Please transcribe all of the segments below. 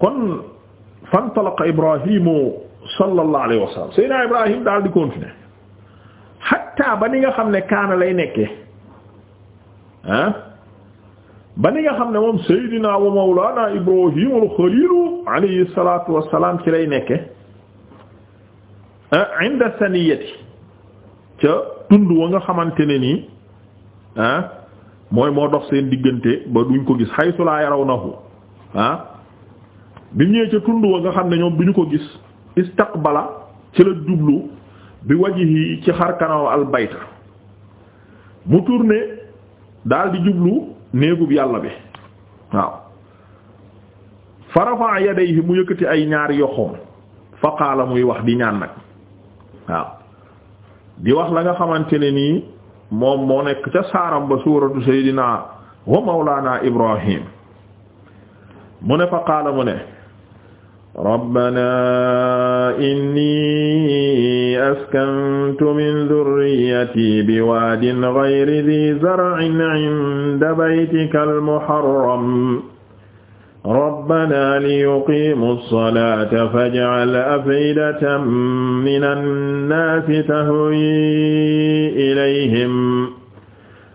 kon fantalaqa Ibrahimu sallallahu alayhi wa sallam Seydina Ibrahim daal di continuer hatta ba ni nga xam ne kaana lay nekkee ah ba ni nga xam ne moom Seydina wa Mawlana Ibrahim al-Khalil alayhi salatu wa salaam ci lay nekkee ah inda saniyati ca tund wa nga xamante ne nii ah mooy moo dox seen diggante ba duñ ko gis haythu la yarawnahu ah. bi mu ñëwee ca tund wa nga xam ne ñoom bi ñu ko gis istaqbala ci la jublu bi wajhi ci xar kanaw al mu tourné daldi jublu néegub yàlla bi waaw fa rafa'a yadayhi mu yëkkati ay ñaari yoxoom fa muy wax di ñaan nag waaw di wax la nga xamante ne nii moom moo nekk ca saaram ba suuratu saydina wa mawlaana ibrahim mu ne fa mu ne rabbana inni askantu min durriyati biwaadin ghayri dhi zar'in 'inda baytika al-muharram rabbana liyuqiimu as-salaata faj'al af'idatan mina an-naasi tahwii ilayhim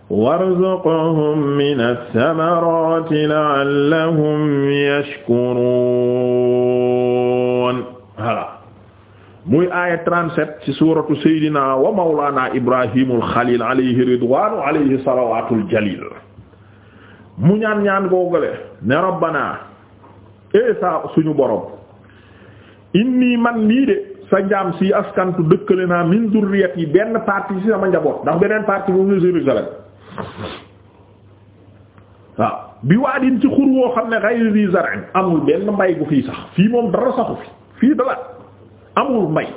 warzuqhum min ath-thamarati la'allahum yashkurun voilà muy aaya 37 ci suratu saydina wa mawlana ibrahimul xalil alayhi ridwanu alayhi salawatul jalil mu ñaan ñaan googale ne rabbana e sa suñu borom inni man lii de sa jaam si askantu dëkkale naa min zurriyati benn partie ci sama njaboot ndax beneen partie bu mu Jérusalem waaw bi waadin ci xur woo xam ne ghayri zi zar'in amul benn mbay gu fii sax fii moom dara saxu fi fii dara amul mbay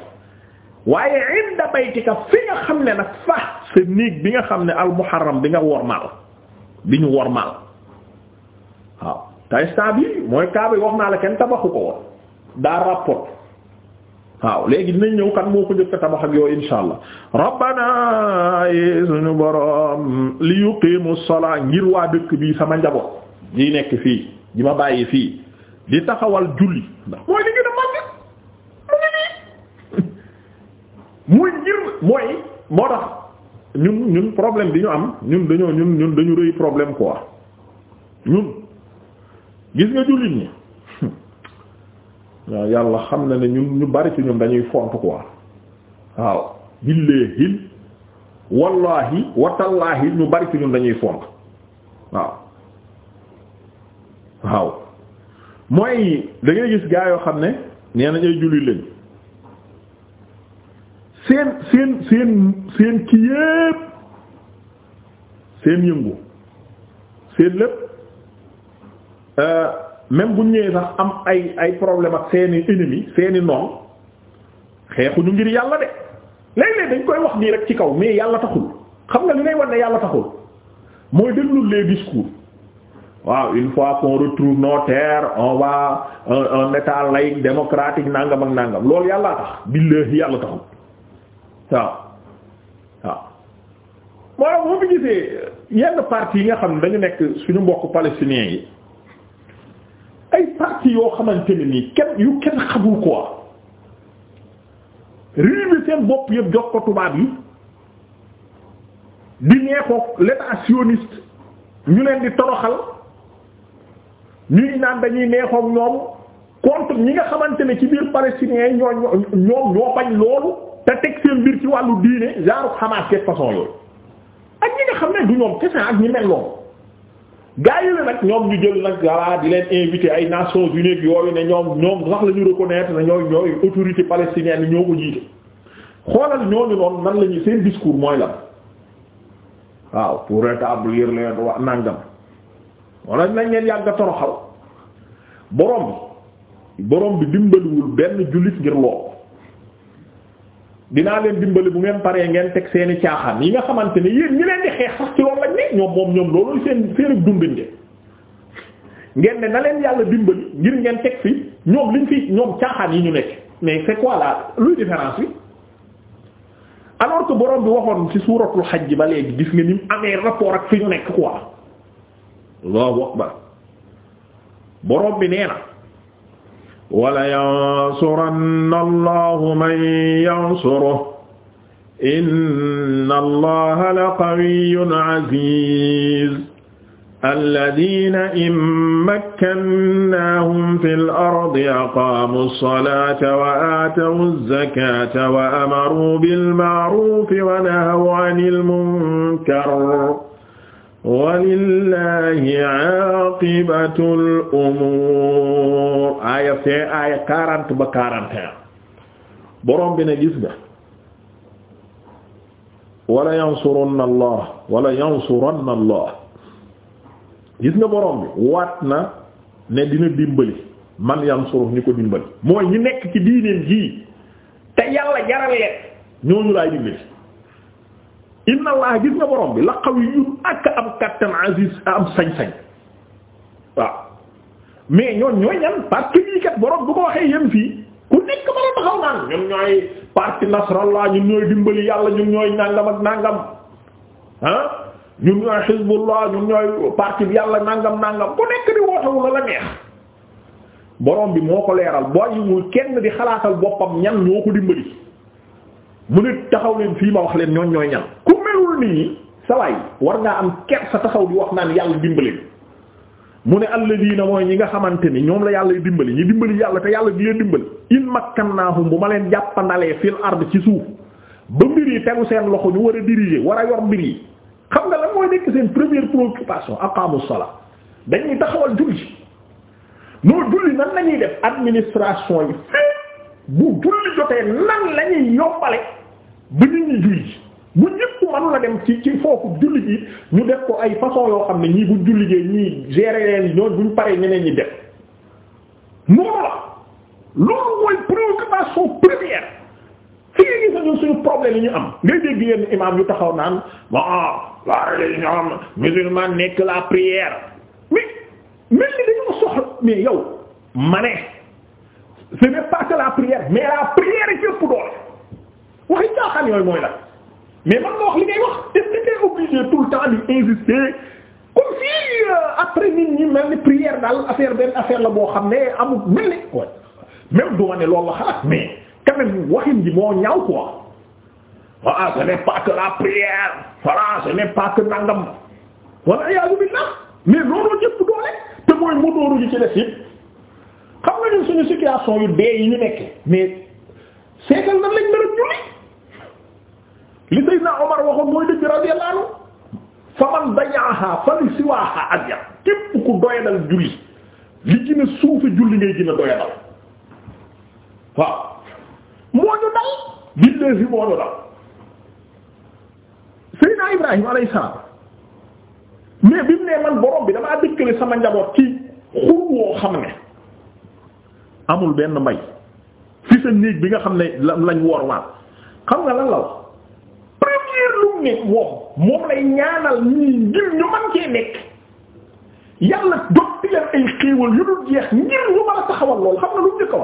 waaye inda baytika fi nga xam ne nag fa sa néeg bi nga xam ne al muharram bi nga wormaal bi ñu wormaal waaw te instant bi mooy kaaba wax naa la kenn tabaxu ko woon daa rapport waaw léegi dinañ ñëw kan moo ko njëkk tabax ak yow insha allah yi suñu borom li yuqimu salaa ngir waa dëkk bi sama njaboot di nekk fii di ma bàyyi fii di taxawal julli ndax mooy li gën mooy moo tax ñun ñun problème bi ñu am ñun dañoo ñun ñun dañu rëy problème quoi ñun gis nga jullit ñi waaw yàlla xam na ne ñun ñu bari ci ñun dañuy font quoi waaw billahi wallahi watallaahi ñu bari ci ñun dañuy font waaw waaw mooy da gis gaa yoo xam ne nee nañ ay jullit lañ seen seen seen seen kii yépp seen yëngu seen lépp euh, même bu ñëwee sax am ay ay problème ak seeni ennemi seeni noon xeexuñu ngir yàlla de léeg-léeg dañ koy wax nii rek ci kaw mais yàlla taxul xam nga li ngay wan ne yàlla taxul mooy déglu les discours waaw une fois qu'on retrouve nos terres un état laïque démocratique nangam ak nangam loolu yàllaa tax billahi yàlla taxul waaw waaw moo tax boo gisee yenn parti yi nga xam ne dañu nekk suñu mbokk palestiniens yi partie yoo xamante ne nii kenn yu kenn xamul quoi réew mi seen bopp yëpp jox ko tubaab yi di neexoo l'état sioniste ñu leen di toroxal ñuy naan dañuy neexook ñoom contre ñi nga xamante ne ci biir palestiniens yi ñoo ñoom ñoo bañ loolu te teg seen mbir ci wàllu diine genre Hamas façon yooyu ak ñi nga xam ne du ñoom kese ak ñi mel noonu gaa yi la nag ñoom ñu jël nag voilà di leen invité ay Nations Unies yooyu ne ñoom ñoom sax la ñu reconnaître ne ñooy ñooy autorité palestinienne ñoo ko jiite xoolal ñooñu noonu nan la ñuy seen discours mooy lan waaw pour rétablir les droits nangam wala nañ leen yàgg a toroxal borom bi borom bi dimbaliwul benn jullit ngir lool dinaa leen dimbali bu ngeen paree ngeen teg seen i caaxaan yi nga xamante ne yéen ñi leen di xeex sax ci loolu lañ ne ñoom moom ñoom loolu seen seen dundin de ngeen ne na leen yàlla dimbali ngir ngeen teg fi ñoom liñ fi ñoom caaxaan yi ñu nekk mais c'est quoi la luy différence bi alors que borom bi waxoon ci suuratul xaj ba léegi gis nga ni amee rapport ak fi ñu nekk quoi Allahu akbar borom bi nee na. wala yansuranna allahu man yansuruhu inna allaha laqawiyyun aziz alladina in makkannahum fil ardi aqaamu as-salata wa aatawu az-zakata wa amaru bil ma'rufi wa nahaw 'anil munkar walillahi aqibatul umur aaya fin aaya quarante ba quarante et borom bi ne gis nga wala yansurunna allah wala yansurunna allah gis nga borom bi waat na ne dina dimbali man yansuru ñi ko dimbali mooy ñi nekk ci diineen jii te yàlla jarale ñooñu laay dimbali inna allah gis nga borom bi la qawiyyun ak am kattan aziz am sañ-sañ waaw mais ñoon ñooy ñan parce lii kat borom bu ko waxee yem fii ku nekk mën a taxaw naan ñun ñun ñooy dimbali yàlla ñun ñooy nangam ak nangam ah ñun ñooy parti yàlla nangam nangam ku nekk di wootewu la la neex borom bi moo ko leeral boo yiwul kenn di xalaatal boppam ñan ñoo ko dimbali. mu ne taxaw leen fii ma wax leen ñooñ ñooy ñan ku melul nii sawaay war ngaa am ker sa taxaw di wax naan yàlla dimbali mu ne alladina mooy ñi nga xamante ni ñoom la yàlla dimbali ñi dimbali yàlla te yàlla di leen dimbali in makkannaahum bu ma leen jàppandalee fil ard ci suuf ba mbir yi tegu seen loxo ñu war a diriger war a yor mbir yi xam nga lan mooy nekk seen première préoccupation aqamu sala dañuy taxawal julli noo julli nan lañuy def administration bu julli jotee nan la yombale ba nit ñi julli bu ñëpp mënu la dem ci ci foofu julli ñu def ko ay yoo xam ne ñii bu julli jee ñii gérer leen ñoon buñ paree ñeneen ñi def noonu la loolu mooy préoccupation première fii ngi sañu suñu problème yi ñu am ngay dégg yenn imam yu taxaw naan bon la religion musulmane nekk la prière mais mel ni dañoo soxla mais yow ma ce n'est pas la prière mais la prière yi ci ëpp doole waxi caaxaan mooy la mais man nga wax li ngay wax est-ce que t'es obligé le temps di insister si euh, après nit ñi mel ni prière daal affaire benn affaire la boo xam ne amul mel ni quoi même duma ne loolu la xalaat mais quand waxin ji moo ñaaw quoi ah ce n'est pas que la prière voilà ce n'est pas nangam wala yaa billah mais looloo jëpp doole te mooy motooru ji ci def it. xam nga ñun suñu situation yu dee yi ñu nekk mais seetal nan lañ mën a julli li Seydina Omar waxoon mooy dëgg radiyallahu anhu fa man dañaaha fa li siwaaha adyam képp ku doyadal julli li gën a suufe julli ngay gën a doyadal waaw moo ñu dal billahi moo ñu dal Seydina Ibrahima alayhi salaam mais bi mu ne man borom bi damaa dëkkale sama njaboot ci xur woo xam ne amul benn mbay fi sa néeg bi nga xam ne lañ wormaal xam nga lan la wax première lu nekk moom moom lay ñaanal ñii ngir ñu man cee nekk yàlla dotti leen ay xéewal yu dul jeex ngir ñu mën a taxawal lool xam nga lu njëkk a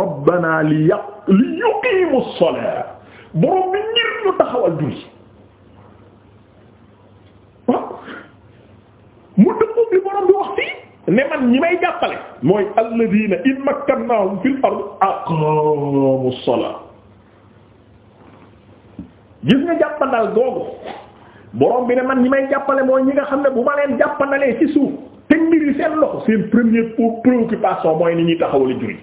rabbana li yaq li yuqimu ssalaa borom bi ngir ñu taxawal julli ne man ñi may jàppale mooy alladina in makkannahum fil ard aqamu ssalaa gis nga jàppandal googu borom bi ne man ñi may jàppale mooy ñi nga xam ne bu ma leen jàppandalee ci suuf te mbiri seen loxo seen première préoccupation mooy ni ñuy taxawale juri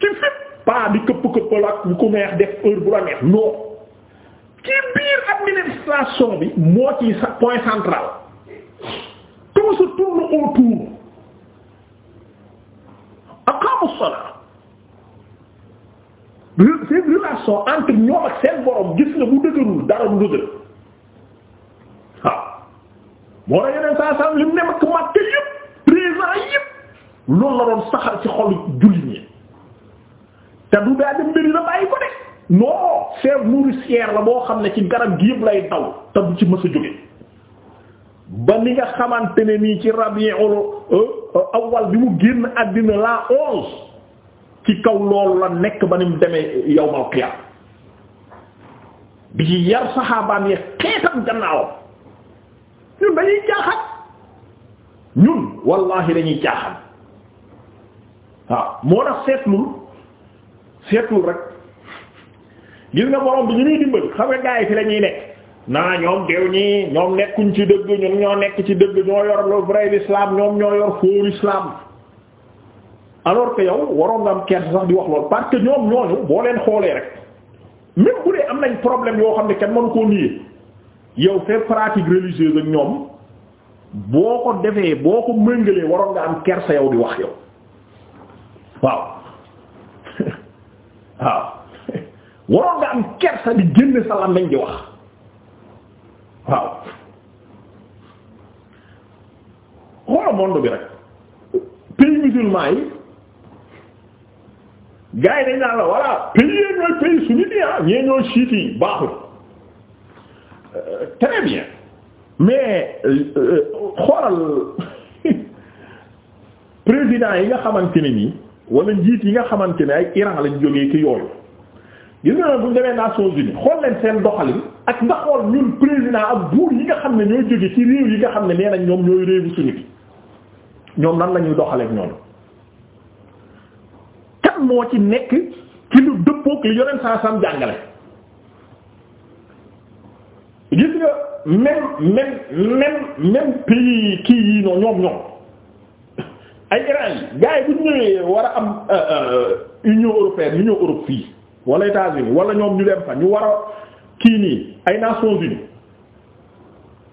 ci fépp pas di këpp këppal ak bu ko neex def heure bu la neex non ci biir administration bi moo ci point central tout se tourne autour aqaamu salaa seen relation entre ñoom ak seen borom gis nga bu dëgërul dara du dëgër waaw moo tax yeneen saa saa li mu ne makk makk yépp présent yépp loolu la doon saxal ci xolu jullit ñi te du daa dem mbiri la bàyyi ko de non chèvre nourricière la boo xam ne ci garab gi yëpp lay daw te du ci mës a jóge ba ni nga xamante ne nii ci rabiul euh, awal bi mu génn àddina la onze ci kaw loolu la nekk ba ni mu demee yawmal qiyaam bi ci yar saxaabaan yi xeetam gannaawam ñun dañuy jaaxal ñun wallahi dañuy jaaxal waaw moo tax seetlul seetlul rek gis nga borom bi ñu nuy dimbali xam nga gaa yi fi nekk naa ñoom deew ñi ñoom nekkuñ ci dëgg ñun ñoo nekk ci dëgg ñoo yor le vrai l'islam ñoom ñoo yor faux islam alors que yow waroon nga am kersa sax di wax lool parce que ñoom ñooñu boo leen xoolee rek même bu dee am nañ problème yoo xam ne kenn mënu koo nier yow fait pratique religieuse ak ñoom boo ko defee boo ko méngalee waroon nga am kersa yow di wax yow waaw waaw waroon nga am kersa di génne am nañ di wax waaw xoola monde bi rek pays musulman yi gars yi dañ naan la voilà pays yee ñooy pays sunnite yi ah, ñee ñooy siit yi baaxul euh, très bien mais euh, xoolal président yi nga xamante ne nii wala njiit yi nga xamante ne ay Iran lañ jógee ki yooyu gis nga nag bu ñu demee Nations Unies xool leen seen doxalin ak nga xool ñun président ak buur yi nga xam ne ñooy jóge ci réew yi nga xam ne nee nañ ñoom ñooy réewu suñu bi ñoom nan la ñuy doxaleek ñoom kan moo ci nekk ci lu dëppook li yoneen saa sam jàngale gis nga même même même pays kii yii noonu ñoom ñoom ay Iran yi gars yi bu ñu ñëwee war a am euh, euh, Union européenne Union Europe fii wala États-Unis wala ñoom ñu dem fa ñu war kii nii ay Nations Unies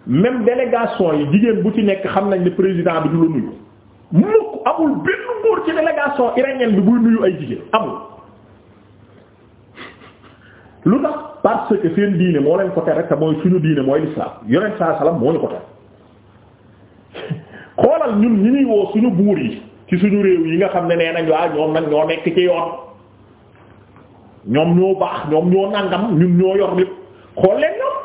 même délégation yi jigéen bu ci nekk xam nañ ne président bi du la nuyu mukk amul benn góor ci délégation iranienne bi buy nuyu ay jigéen amul lu tax parce que seen diine moo leen ko tere te mooy suñu diine mooy l'islam yonent saa salaam moo ñu ko tere xoolal ñun ñi ñuy woo suñu buur yi ci suñu réew yi nga xam ne nee nañ waa ah, ñoom nag ñoo nekk ci yoon ñoom ñoo baax ñoom ñoo nangam ñun ñoo yor lépp xool leen ñoom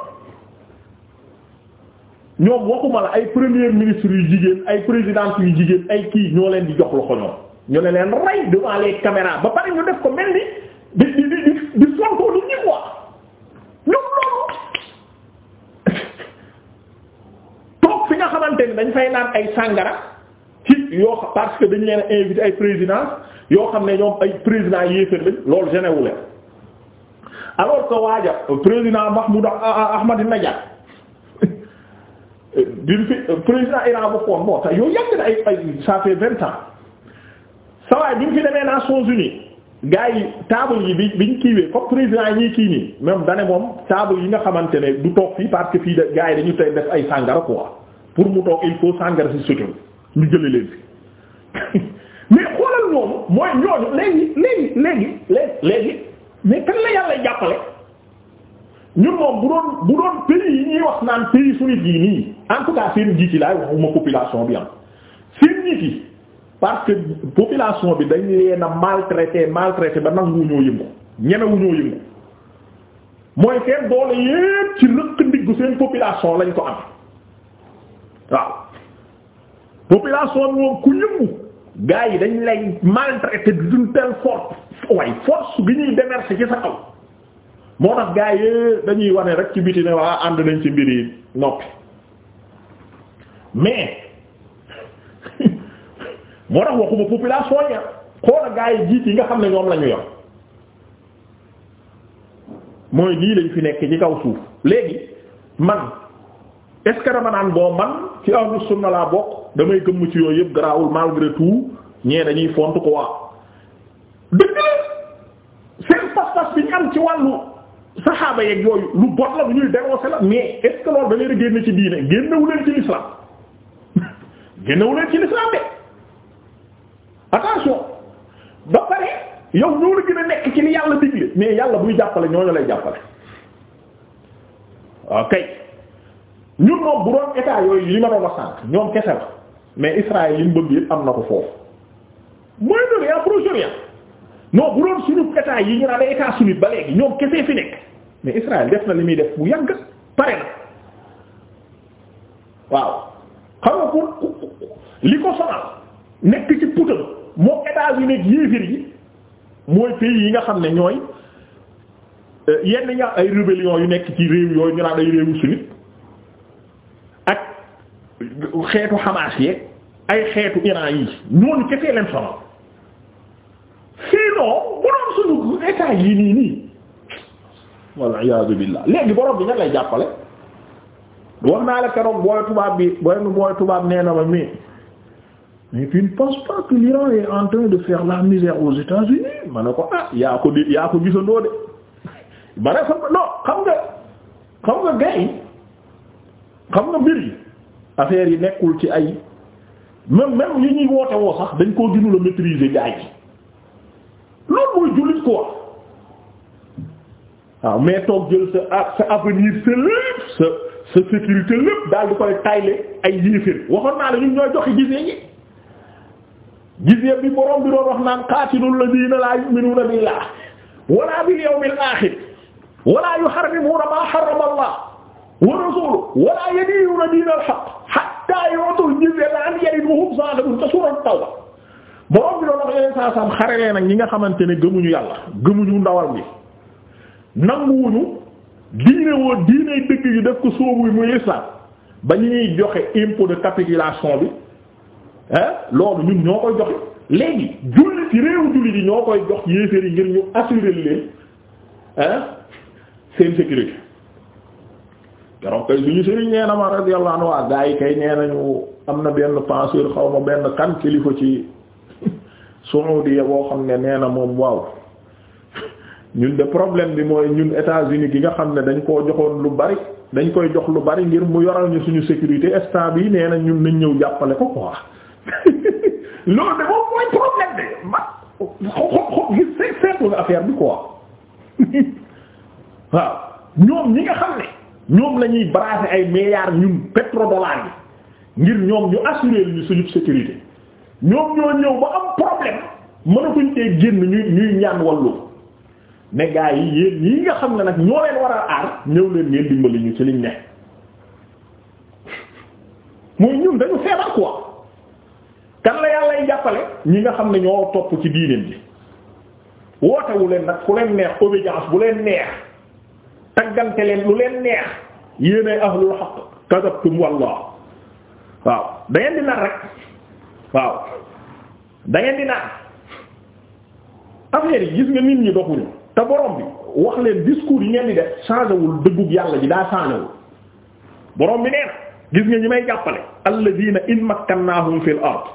ñoom waxuma la ay premier ministre yu jigéen ay président yu jigéen ay kii ñoo leen di jox loxo ñoom ñu ne leen rey devant les caméras ba def ko mel ni loolu toog fi nga xamante ni dañ fay naan ay sàngara ci yoo parce que dañ leen invité ay présidence yoo xam ne ñoom ay président yéefér lañ loolu genewu leen alors que waaja président Mahmoud Ahmadinejad bi fi président Iran ba koon bon te yow yàgg na ay ay vingt ans sawaay bi mu fi demee Nations Unies gars yi table yi bi biñ kiiwee comme président yi ñuy kii nii même dane moom table yi nga xamante ne du toog fii parce que fii da gars yi dañu tey def ay sàngara quoi pour mu toog il faut sàngara si sutur ñu jële fi mais xoolal moom mooy ñooñu léegi léegi léegi léegi léegi mais kan la yàlla jàppale moom bu doon bu doon pays yi ñuy wax naan pays su nit yi nii en tout cas seen njiit yi laay waxuma population bi am seen njiit yi parce que population bi dañ leen a maltraité maltraité ba nangu ñoo yëngu ñemewu ñoo yëngu mooy seen doole yépp ci rëq ndiggu seen population lañ ko am waaw population bi moom ku yëngu. gars yi dañ lay maltraité d'une telle force waaye force bi ñuy démercer ci sa kaw moo tax gars yi dañuy wane rek ci biti ne waa ànd nañ ci mbir yi noppi mais moo tax waxuma population ya xoola gars yi jiit yi nga xam ne ñoom la ñu mooy lii lañ fi nekk ci kaw suuf léegi man. est-ce que dama naan boo man ci ahlu sunna laa bokk damay gëmm ci yooyu yëpp garaawul malgré tout ñee dañuy font quoi dëgg la seen pas-pas bi am ci wàllu saxaaba yeeg yooyu lu bot la lu ñuy dénoncer la mais est da leen a génn ci diine génnewu leen ci l'islam génnewu leen ci l'islam de attention ba pare yow ñoo la gën a nekk ci li yàlla digle mais yàlla buy jàppale ñooñu lay jàppale ok. ñun moom bu doon état yooyu li ma doon wax sànq ñoom kese la mais Israël yi bëgg yëpp am na ko foofu mooy ne yaa proche non bu doon suñu état yi ñu naan état suñu ba léegi ñoom kese fi nekk mais Israël def na li muy def bu yàgg pare na waaw xam nga pour li ko sonal nekk ci putal moom état yu nekk yéefir yi mooy pays yi nga xam ne ñooy euh, yenn ñaa ay rébellion yu nekk ci réew yooyu ñu naan ay réewu sunnite xeetu Hamas yeeg ay xeetu Iran yi ñooñu kese leen sonal sinon bu doon suñu état yi nii nii walla iyaazu billaah léegi borom bi nga lay jàppale wax naa la keroog booy tubaab bi benn booy tubaab nee na ma mais mais tu ne penses pas que l'Iran est en train de faire la misère aux États-Unis ma ne ko ah yaa ko di yaa ko gisandoo de ba ne non xam nga xam nga gars xam nga mbir affaire yi nekkul ci ay même même yi ñuy woote woo sax dañ koo gënul a maîtriser gaa yi loolu mooy jullit quoi waaw ah, mais toog jël sa ah, sa avenir sa sa sa sécurité lépp daal di koy tayle ay yéeféer waxoon naa la ñun joxe gisee yi gisee bi borom bi doon wax naan qaatilul ladina la yu'minuna billah wala bil yawmil akhir wala yuharrimuna ma harrama Allah wa rasuluhu wala yadinuna diina al-haqq hatta yu'tul jizya an yadin wa hum sadiqun te suuratul tawba borom bi doon wax yeneen saa saam xare leen ak ñi nga xamante ne gëmuñu yàlla gëmuñu ndawal bi nanguwuñu diine woo diine dëgg yu def ko sóobu muy islam ba ñu ñuy joxe impôt de capitulation bi ah loolu ñun ñoo koy joxe léegi jullit ci réewu jullit yi ñoo koy jox yéeféer yi ngir ñu assurer leen ah seen sécurité. keroog kay suñu sëriñ nee na ma radiyallahu anhu waa gaa yi kay nee nañu am na benn penseur xaw ma benn kan kilifa ci Saoudia boo xam ne nee na moom waaw ñun de problème bi mooy ñun États-Unis gi nga xam ne dañ koo joxoon lu bari dañ koy jox lu bari ngir mu yoral ñu suñu sécurité instant bi nee na ñun nañ ñëw jàppale ko quoi loolu de moom problème de ma xo xo xo gis seetlu nga affaire bi quoi waaw ñoom ñi nga xam ne. ñoom lañuy ñuy ay milliards ñun pétrodollars yi ngir ñoom ñu assurer ñu suñu sécurité ñoom ñoo ñëw ba am problème mënatuñ cee génn ñuy ñaan wallu ne yi yéen ñi nga xam na nag ñoo leen war a aar ñëw leen ngeen dimbali ñu ci liñ ne mooy ñun dañu feebar quoi kan la yàlla lay jàppale ñi nga xam ne ñoo topp ci diineen bi wootewu nag ku leen neex obédience bu leen neex taggante leen lu leen neex yéenay ahlul haqq kadabtum wallah waaw da di nar rek waaw dangeen di nar affaire yi gis nga nit ñi doxuñu te borom bi wax leen discours yi ngeen di def changé wul dëggug yàlla ji daa changé wul borom bi nee gis nga ñi may jàppale alladina in makkannahum fil ard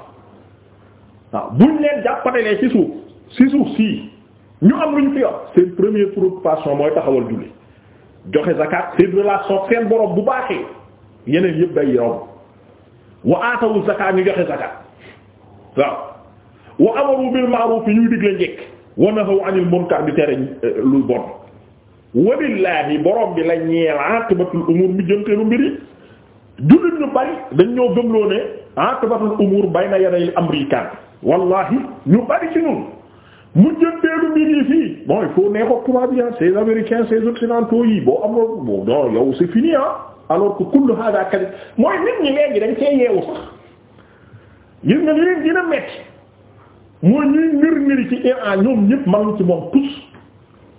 waaw buñ leen jàppalee ci suuf ci suuf sii ñu am luñ fi yor seen première préoccupation mooy taxawal julli joxe zakat seen relation seen borom bu baaxee yeneen yëpp day yomb wa aatawu zakat ñu joxe zakat waaw wa amaru bil ma'ruf ñuy digle njekk wa nahaw anil munkar di tere eh, lu bon walillahi borom bi la ñeel aqibatul umur mi jënteelu mbir yi jullit ñu bari dañ ñoo gëmloo ne aqibatul umur bayna yaday amrikaan wallahi ñu bari ci ñun mujjanteelu mbir yi fii bon il faut nee ko tubaab yi ces américains ces occidentaux yi boo amoon bon non yow c'est fini ah alors que kullu hada kadi mooy nit ñi léegi dañ cee yeewu sax gis nga li leen dina metti mooy ñuy ngir ngir ci Iran ñoom ñëpp mënuñ ci moom tous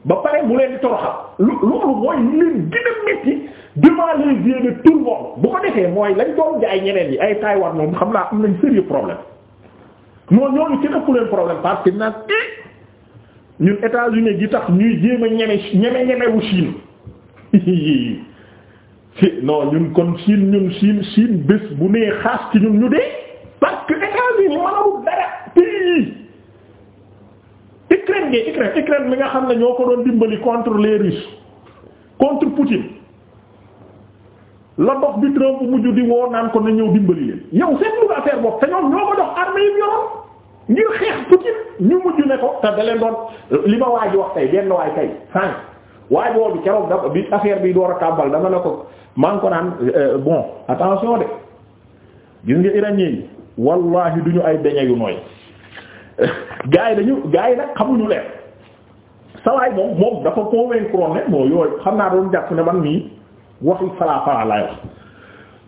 ba pare mu leen di toroxal loolu mooy leen dina metti devant les yeux de tout le bu ko defee mooy lañ doon jaay ñeneen yi ay Taïwan moom xam naa am nañ sérieux problème non ñooñu ñun États-Unis gi tax ñuy jéem a ñeme ñeme ñemewu Chine si non ñun kon Chine ñun Chine Chine bés bu nee xaas ci ñun ñu dee parce que États-Unis mënawul mi nga xam ne ñoo ko doon dimbali contre les Russes contre Poutine la dox bi Trump mujj di woo naan ko na ñëw dimbali leen yow seen lu affaire boobu te ñoom ñoo ko dox armée yi yoroon ngir xeex Poutine ñu mujj ne ko te da doon li ma waaj wax tey benn waay tey sànq waay boobu keroog da bi affaire bi door a tàmbal dama ne ko maa ngi ko naan euh, bon attention de gis nga iranien yi wallahi duñu ay beñe yu nooy gars yi dañu gars yi nag xamuñu leen sawaay moom moom dafa convaincre ne moo yooyu xam naa doon jàpp ne man mii waxi falaa falaa laay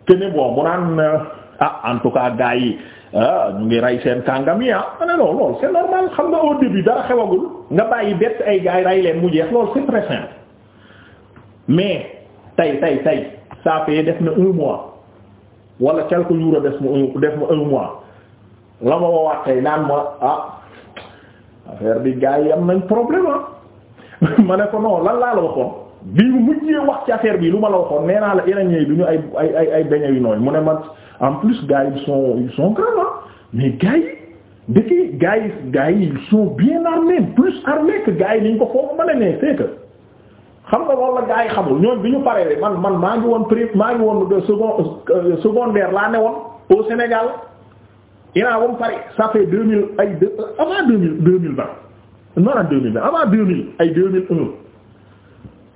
wax bon mu naan euh, ah en tout cas gars yi ah ñu ngi rey seen kàngam yi ah non non loolu c'est normal xam nga au début dara xewagul nga bàyyi bett ay gaay rey leen mu jeex loolu c'est très simple mais tey tey tey ça fait def na un mois wala quelques jours def ma def ma un mois la ma woowaat tey naan ma ah affaire bi gaay yi am nañ problème ah ma ne ko non lan laa la waxoon bi mujjee wax ci affaire bi lu ma la waxoon nee naa la iraniens yi du ay ay ay ay beñe yu nooy mu ne ma. en plus gars yi ils sont ils sont grands mais gars yi dëkk gars yi gars bien armés plus armés que yi ni ñu ko foofu mën a nee c'est xam nga loolu la gars yi xamul ñoom bi ñu paree man man maa ngi woon pré maa ngi woon de second euh, secondaire laa ne woon au Sénégal Iran ba mu pare ça fait deux mille ay deux mille deux mille vingt deux mille ay deux mille un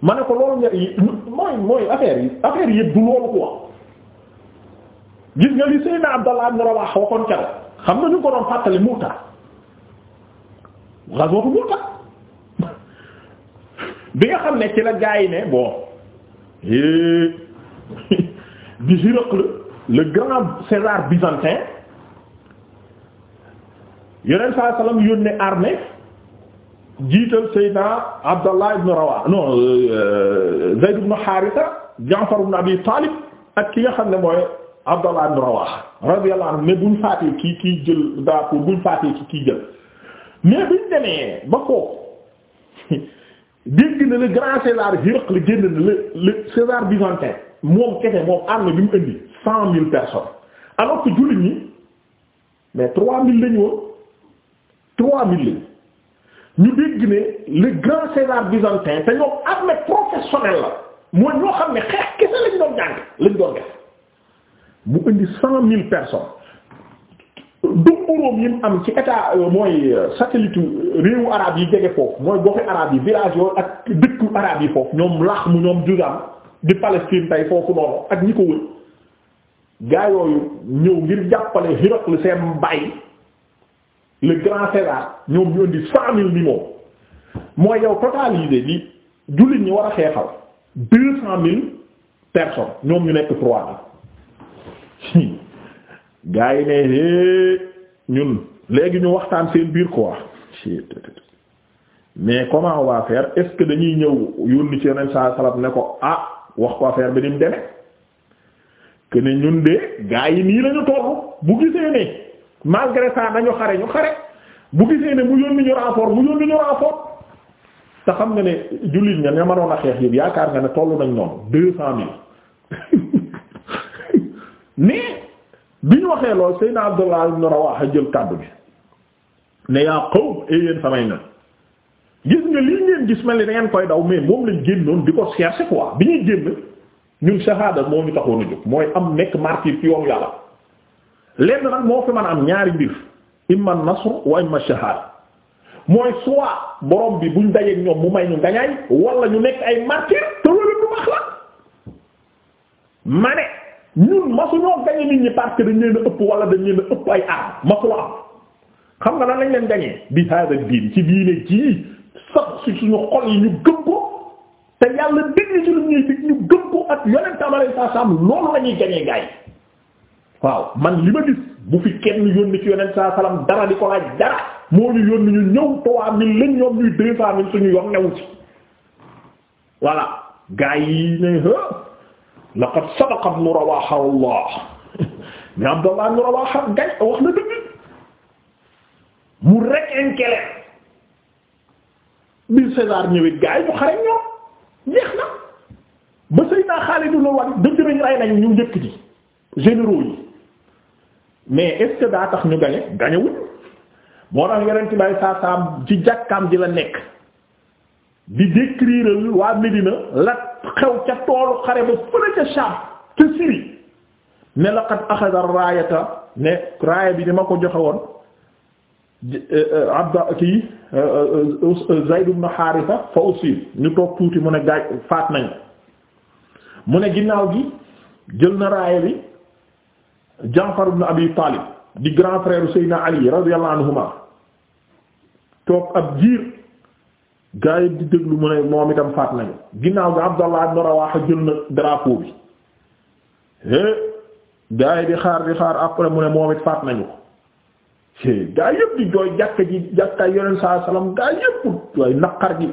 ma ne ko loolu mooy mooy affaire yi affaire yi yëpp du loolu quoi. gis nga li Seydina Abdallah ibn Rawaha waxoon keroog xam nga ñu ko doon fàttali Mouta ghazwatu Mouta bi nga xam ne ci la gaa yi ne bon eh, di Hiraql le grand César byzantin yeneen saa salaam yónnee armée jiital Seydina Abdallah ibn Rawaha non euh, Zayd ibn Haritha Ja'far ibn Abi Talib ak ki nga xam ne mooy. Abdallah ibn Rawaha radiyallahu anhu mais buñ faatee kii kii jël drapeau buñ faatee ki kii jël mais buñ demee ba kooku dégg na le grand César Hiraql génn na le le César byzantin moom kese moom armée bi mu indi cent mille personnes alors que jullit ñi mais trois mille lañu trois mille lañu ñu dégg ne le grand César byzantin te ñoom armée professionnelle la mooy ñoo xam ne xeex kese lañ doon jàng lañ doon def mu indi cent mille personnes dumburóom yi mu am ci état euh, mooy euh, satellite euh, réewu arabe yi jege foofu mooy goxi arabe yi village yooyu ak dëkku arabe yi foofu ñoom lax mu ñoom jusam di Palestine tey foofu noonu ak ñi ko wër gaa yooyu ñëw ngir jàppale Hirocle seen baay le grand César ñoom ñu indi cent mille ni moom mooy yow totalisé di jullit ñi war a xeexal deux cent mille personnes ñoom ñu nekk trois gaa yi ne hé ñun léegi ñu waxtaan seen biir quoi mais comment on va faire est-ce que dañuy ñëw yónni ci yeneen saa salaf ne ko ah wax ko affaire bi ni mu deme que ñun de gaa yi nii lañu tollu bu gisee ne malgré ça nañu xare ñu xare bu gisee ne mu yónni ñu rapport mu yónni ñu rapport te xam nga ne jullit nga ne ma a xeex yëpp yaakaar nga ne tollu nañ noonu deux cent mille mais bi ñu waxee lool Seydina Abdullah ibn Rawaha jël kàddu bi ne yaa qawm ay eh yéen samay na gis nga lii ngeen gis mel ni da ngeen koy daw mais moom lañ génnoon di ko chercher quoi bi ñuy génn ñun shahada moo ñu taxoon a jóg mooy am nekk martyr ci yoonu yàlla lenn nag moo fi mën a am ñaari mbir imma nasr wa imma shahada mooy soit borom bi buñ dajeek ñoom mu may ñu ngañaay wala ñu nekk ay martyr te loolu du wax la ma ne ñun masuñoo gañe nit ñi parce que dañ leen a ëpp wala dañ leen a ëpp ay armes masula am xam nga nan lañ leen gañee bi hada diin ci diine ci sax ci suñu xol yi ñu gëm ko te yàlla dégg ci lu ñuy dig ñu gëm ko ak yonentam alei saa salam loolu la gañee gaay waaw man li ma gis bu fi kenn yónni ci yonent saa salam dara di ko laaj dara moo ñu yónni ñu ñëw trois mille lañ ñoom ñuy deux cent mille suñu yoon newu ci voilà gaay yi ne laqad sadaqa ibnu Rawaaha Allah mi Abdallah ibnu Rawaaha gañ wax na dëgg mu rek enkele bi César ñëwit gaay bu xare ñoom jeex na ba Seydina Xaalid ibnu Waliid dëgg nañu rey nañu ñu njëkk ji généraux yi mais est daa tax ñu gañe gañewul moo tax Yonent bi sallallahu alayhi ci jàkkaam ji la nekk di décriral waa Medina la xew ca toolu xare ba fële ca Sham ca Syrie ne laqad axada raayata ne raaya bi ni ma ko joxe woon eh, eh, abda kii eh, Zayd ibn Haarisa fa usir ñu toog tuuti mu ne gaaj faat nañ mu ne ginnaaw gi jël na raaya bi Jaafar ibn Abi Taalib di grand frère Seydina Ali radiyallahu anhuma toog ab jiir gaa yi di déglu mu ne moom itam faat nañu ginnaaw bi Abdallah ibn Rawaha jël na drapeau bi hé gaa yi di xaar di xaar après mu ne moom it faat nañu ko gaa yépp di jooy jàkka ji jàkkaay yoneen saa salaam gaa yépp jooy naqar gi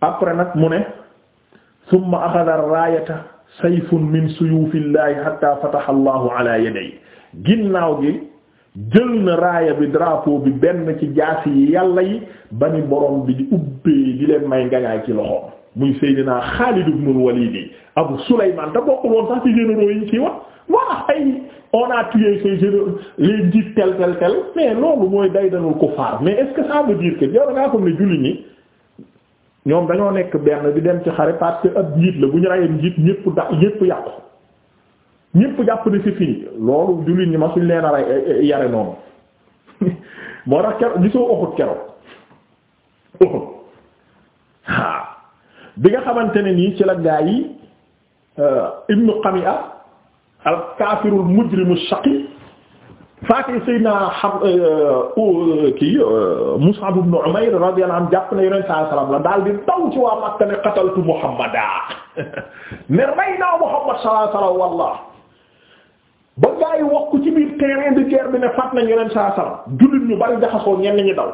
après nag mu ne summa axada raayata sayfun min suyufillahi hatta fataha Allahu ala yaday ginnaaw gi jël na raaya bi drapeau bi benn ci jaas yi yàlla yi ba ni borom bi di ubbee di leen may ngañaay ci loxoom muy Seydina Xaalid ibn Walid Abu Sulaymaan te bokkul woon sax ci généraux yi ci wax voilà ay on a tué ces généraux les jiit tel tel tel mais loolu mooy day danul kufaar mais est-ce que ça veut dire que yow ne julli ñi ñoom dañoo nekk benn di dem ci xare parce que ab njiit la bu ñu rayee njiit ñépp da ñépp yàqu ñëpp jàpp ne c'est fini loolu jullit ñi ma suñ leen eh, eh, yare noonu moo tax kero gisoo Uhud keroog Uhud ah bi nga xamante ni nii ci la gaa yi euh, Ibnu Qami'a al-kaafirul mujrimu shaqi faate Seydina xam euh, euh, kii Mus'ab ibn Umayr radiyallahu anhu jàpp na Yonent sallallahu la daal di daw ci waa Makka qataltu Muhammadan ne rey naa Muhammad sallallahu alayhi wasallam ngay wax ci biir terrain de bi ne faat nañ yeneen saa sala jullit ñu bari jaxasoo ñenn ñi daw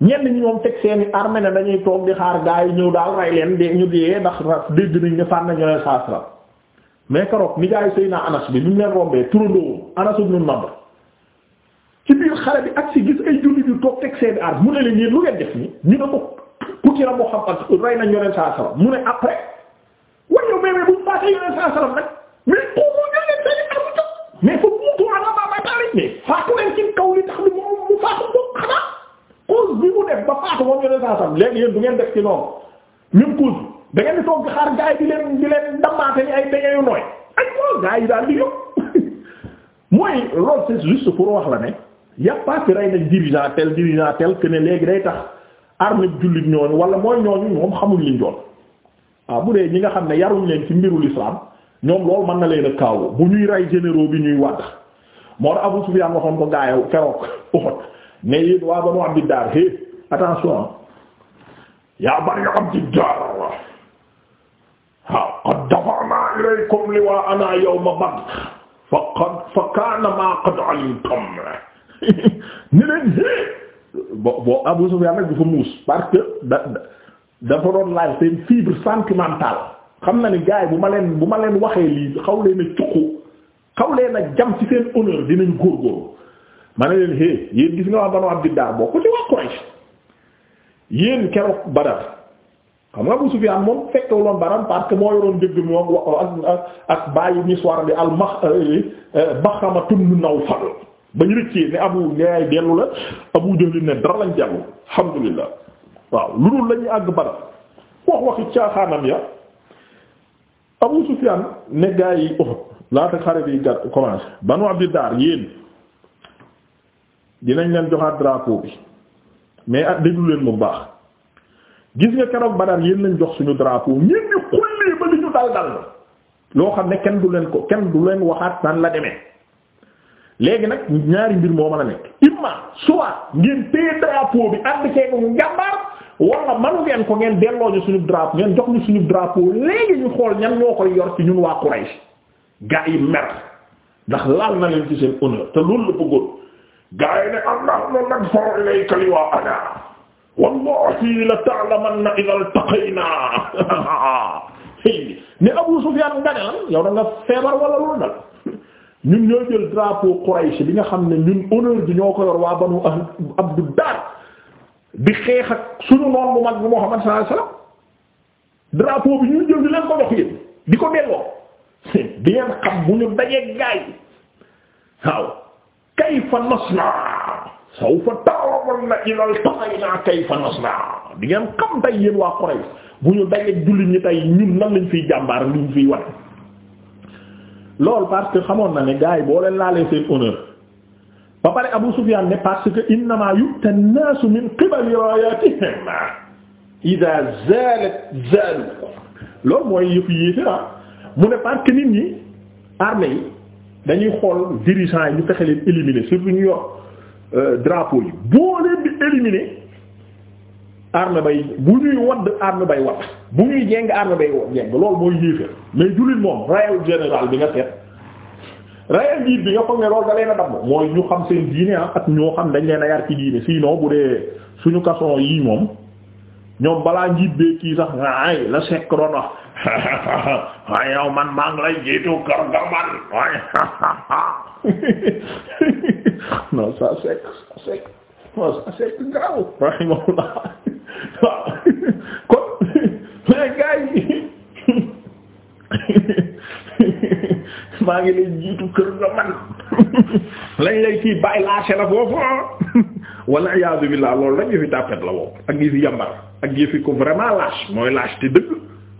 ñenn ñi ñoom teg seeni arme na dañuy toog di xaar gaa yi ñëw daal rey leen de ñu dee ndax dégg nañ ne nañ saa sala mais keroog mi jaay sëy naa bi bi mu leen rombee turandoo Anas ibn Nadr ci biir xale bi ak si gis ay jullit yu toog teg seeni armée mu ne leen lu ngeen def ni ñu ne ko kutila Muhammad rey nañ yeneen saa sala mu ne après waaye yow bu faatee yeneen saa sala nag mais fa muutu ala ma mataalib mais faatu leen ci kaw li tax li moom mu faatu bokk xanaa cause bi mu def ba faatu moom yone saa sam léegi yéen du ngeen def ci noonu même cause da ngeen di toog xaar gaay di leen dammaate ni ay dañu yu nooy ay mooy loolu c'est juste pour wax la ne y'a pas que rey nañ dirigeant tel dirigeant tel que ne léegi day tax armée jullit ñooñu wala mooy ñooñu moom xamuñ liñ doon waaw ah, bu dee ñi nga xam ne yaruñ leen ci mbirul islam ñoom loolu mën na leen a kaawu bu ñuy rey généraux bi ñuy wàdd moo tax Abu Sufyaan waxoon ko gaayaw keroog Uhud ne yéen waa Banu Abdi Daar hé attention yaa Banu Abdi Daar waaw qad dafa'naa ilaykum liwaa'anaa yawma Badr fa qad fa kaana maa qad alimtum ne leen bo bo Abu Sufyaan nag du fa muus parce que da dafa doon laaj seen fibre sentimentale xam na ni gaay bu ma leen bu ma leen waxee lii xaw leen a cuqu xaw leen a jam ci seen honneur dinañ góorgóorlu ma ne leen hé yéen gis nga waa Banu Abdiddaar bokku ci waa Quraysh yéen keroog Badar xam nga Abu Sufyaan moom fekkewul woon Badar parce que moo yoroon dëgg mi ak ak bàyyi miswar bi almax Maxrama euh, euh, euh, ibn Nawfal ba ñu rëccee ne abu ngaay dellu la Abu Jahl ne dara lañ jàllu alhamdulillah lu dul lañuy àgg Badar wax waxi caaxaanam ya Abu Sufyaan ne gaa yi Uhud laata xare bi gàtt commencé Banu Abdi Daar yéen dinañ leen joxaat drapeau bi mais ah déglu leen mu baax gis nga keroog Badar yéen lañ jox suñu drapeau ñun ñu xullee ba li ñu dal dal loo xam ne kenn du leen ko kenn du leen waxaat nan la demee léegi nag ñaari mbir moo mën a nekk imma soit ngeen téye drapeau bi ànd ceeg ñu jàmbaar wala manu ngeen ko ngeen delloo ñu suñu drapeau ngeen jox ñu suñu drapeau léegi ñu xool ñan ñoo koy yor ci ñun waa Quraysh gaa yi mer ndax laal na leen ci seen honneur te loolu la bëggoon gaa yi ne am na am na nag faro ilayka liwaa'ana wallahi la ta'lamanna idha iltaqayna ne Abu Sufyan nga ne lan yow da nga feebar wala loolu dal ñun ñoo jël drapeau Quraysh bi nga xam ne ñun honneur bi ñoo ko yor waa banu Abdu Dar di xeex ak suñu noon bu mag bi Muhammad sallallahu alayhi wasallam drapeau bi ko di ko delloo di ngeen xam bu ñu dajee gaay waaw kayfa nasna sawfa ta'lamuna idha iltaqayna bu ñu dajee jullit ñi tey ñun nan lañ fiy jàmbaar luñ fiy wat xamoon na ne gaay boo leen laalee seen honneur ba pare Abu Sufyan ne parce que innama yu'ta an-nasu min qibali rayatihim idha zalat zalu loolu mooy yëf yéefe ah mu ne parce que nit ñi armée yi dañuy xool dirigeants yi ñu fexe leen éliminer surtout ñu yor euh, drapeau yi boo leen di éliminer bay bu ñuy wadd armée bay wadd bu ñuy jeng armée bay jeng loolu mooy yéefe mais jullit moom rayal général bi nga seet raya njiit bi nga foog ne loolu da leen a damm mooy ñu xam seen diine ah ak ñoo xam dañ leen a yar ci diine sinon bu dee suñu kason yii moom ñoom balaa njiit bee kii sax ay la sekk doon wax waaye yow man maa ngi lay jiitu kër ga man waaye non ça sekk ça sekk non ça kon mais gars yi maa ngi lay jiitu kër nga man lañ lay kii bàyyi lâché la foofu ah. wala iyaadu billaah loolu rek yëfi tàppet la boobu ak yëfi yambar ak yëfi ko vraiment lâche mooy lâche te dëgg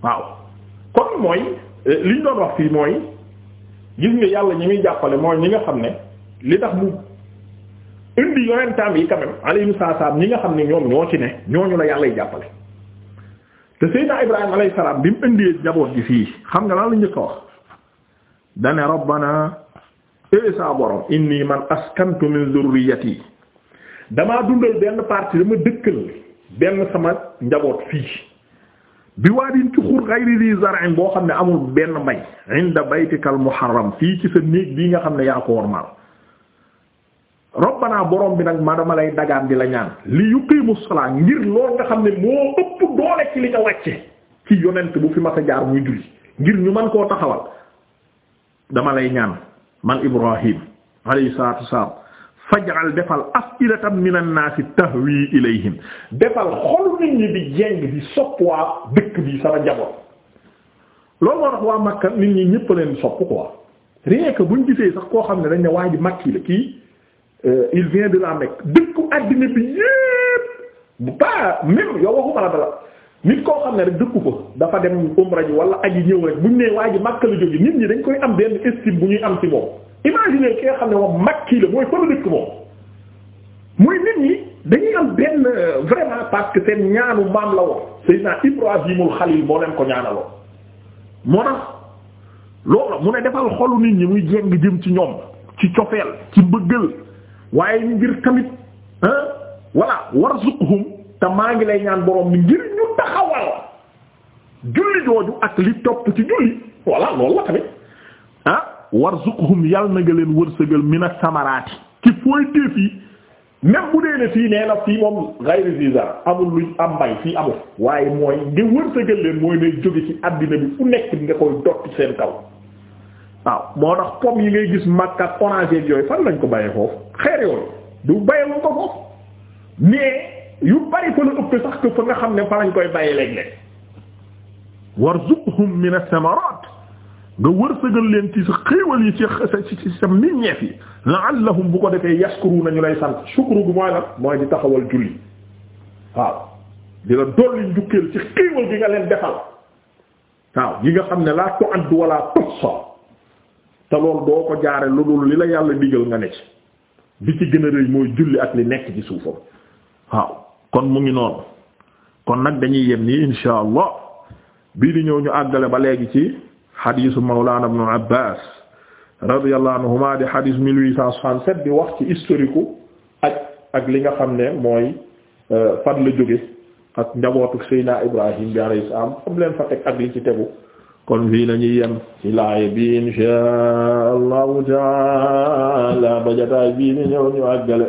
waaw kon mooy euh, liñ ñu doon wax fii mooy gis nga yàlla ñi muy jàppale mooy ñi nga xam ne li tax mu indi yonentam yi quand même alayhi salaam ñi nga xam ne ñoom ñoo ci ne ñooñu la yàlla jàppale te Seydina Ibrahima alayhi salaam bi mu indee njaboot gi fii xam nga lan la njëkk wax dane rabbana é eh, sa borom inni man askantu min zurriyati damaa dundal benn partie dama dëkkal benn sama njaboot fii bi waadin ci xur ghayri li zar'in boo xam ne amul benn mbay inda baytikal muharram fii ci sa nga xam ne yaa ko wormaal bi nag ma dama lay di la ñaan li yuqimu salaa ngir lool nga xam ne moo ëpp doole ci li nga wàcce ci yonent bu fi ma muy julli ngir ñu mën koo taxawal dama lay ñaan man Ibrahim alayhi salaatu wasalaam faj'al defal af'ilatan minan naasi tahwi ilayhim defal xol nit ñi di jeng di sopp waa dëkk bi sama njaboot loolu moo tax waa Makka nit ñi ñépp sopp quoi rien que buñ gisee sax koo xam ne dañ ne waa ji Makki la kii euh, il vient de la Mecque dëkku àddina bi yépp bu baax yow waxuma la dala nit koo xam ne rek dëkku ko dafa dem umra ji wala yi ñëw rek buñ nee waa ji Makka la jóge nit ñi dañ koy am benn estime bu ñuy am ci moom imagine ki nga xam ne moom Makki la mooy fëla dëkk moom mooy nit ñi dañuy am benn euh, vraiment parce que seen ñaanu maam la woon Seydina Ibrahimul Xalil moo leen ko ñaanaloo moo tax loolu mu ne defal xolu nit ñi muy jeng jëm ci ñoom ci cofeel ci bëggal waaye ngir tamit ah voilà warzuqhum te maa ngi lay ñaan borom bi ngir ñu taxawal julli jooju ak li topp ci julli voilà loolu la tamit ah warzuqhum yal na nga leen wërsëgal mina samaraati ci fooy téef yi même bu dee ne fii nee fii moom ghayri zizar amul luñ am mbay fii amul waaye mooy nga wërsëgal leen mooy nay jóge ci àddina bi fu nekk nga koy dotti seen kaw waaw moo tax pomme yi ngay gis màkk ak orange yooyu fan lañ ko bàyyee foofu xeer yooyu du bàyyee ko foofu mais yu bari fa la ëpp sax que fa nga xam ne fa lañ koy bàyyi léeg-léeg warzuqhum min as-samarat nga wërsëgal leen ci sa xéewal yi ci sa sa meññeef yi la'allahum bu ko defee yaskuru nañu lay sant shukru bi mooy lan mooy di taxawal julli waaw di la dolli njukkeel ci xéewal gi nga leen defal waaw yi nga xam ne laa tu'addu wala tuhsa te loolu doo ko jaare lu dul li la yàlla digal nga ne ci bi ci gën a rëy mooy julli ak li nekk ci suufam waaw kon mu ngi noonu kon nag dañuy yem nii insha allah bii di ñëw ñu àggale ba léegi ci xadiisu mawlana ibnu abbas radiyallahu anhuma di xadiis 1867 di wax ci historique ak li nga xam ne mooy euh, fan la jóge ak njabootu seyna ibrahim bi alayhi salaam xam leen fa teg ak li ci tegu kon fii la yem ci laaye bi insha allahu taala ba bii di ñëw ñu àggale